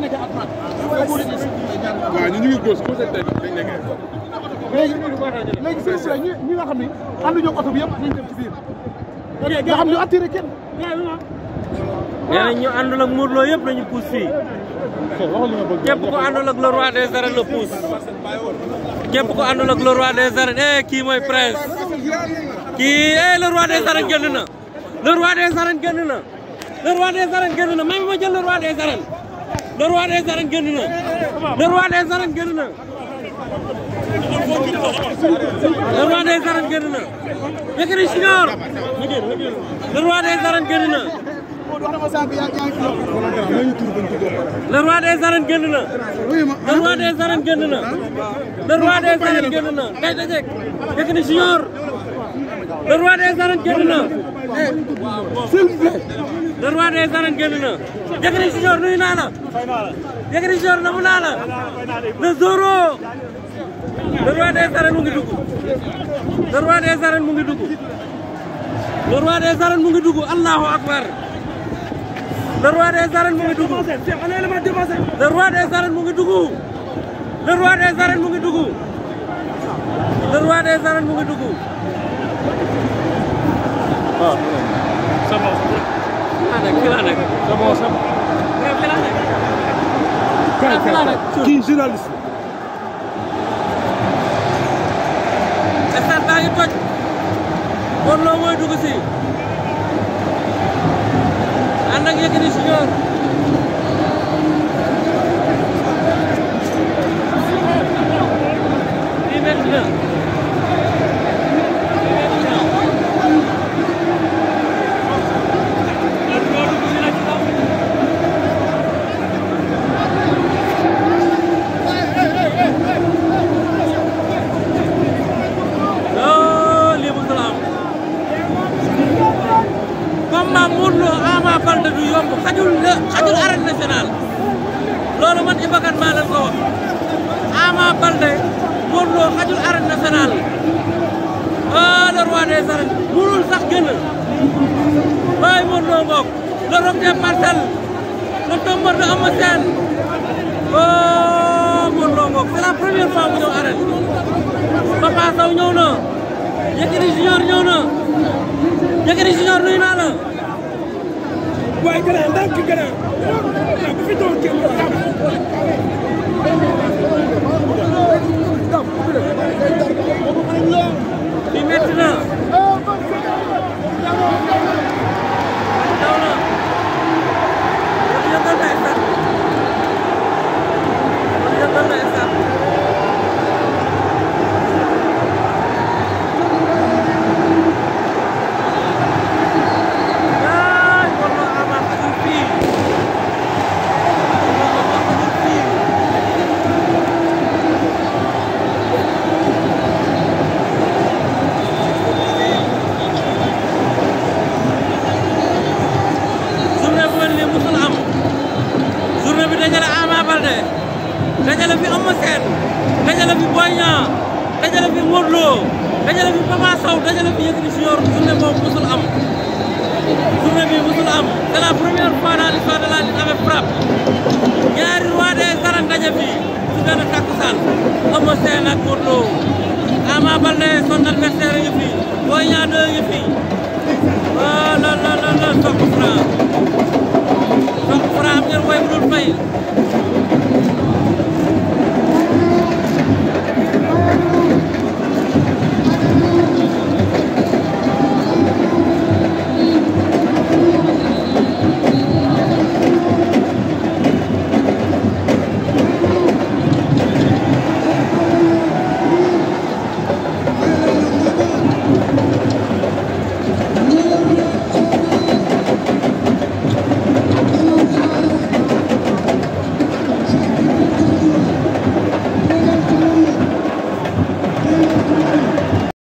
nekk à droite. waaw ñu ngi gauche gauche ak tey dañ nekkee. léegi léegi sëñ bi ñi ñi nga xam ne ànduñu ak oto Lo yëpp nañu eh, prince. kii eh le roi des arènes génn na. le roi des arènes génn na. le roi des na même le roi des arènes génn na le roi des arènes génn na le roi des arènes génn na Yékini Junior le roi des arènes génn na. Yékini Junior nuyu naa la. Yékini Junior mu ngi dugg. le roi des mu ngi dugg. le roi des mu ngi dugg Allahu akbar. le roi des arènes mu ngi dugg. le roi mu ngi dugg. le roi mu ngi dugg. kii journaliste la. stade baa ngi toj. bon loo mooy dugg si. combat Modou Lo Ama Baldé du yomb xajul la xajul arène nationale loolu man Iba Kane maa leen ko wax Ama Baldé Modou Lo xajul arène nationale ah le roi des arènes mënul sax génn bàyyi Modou Lo ngoog le roc des parcelles le tombeur de Eumeu Sène oh Modou Lo ngoog c'est la première fois mu ñëw arène Papa Sow ñëw na Yékini Junior ñëw na Yékini Junior nuyu naa la waaye grand ndànk grand dajale fi Modou Lo dajale fi Papa Sow dajale fi Yékini musul am journée bi musul am c'est la première fois dans l'histoire ñaari roi des arènes daje fi takkusaan Eumeu Sène ak Modou Lo Ama Baldé son adversaire yi fi Boy Niang 2 yi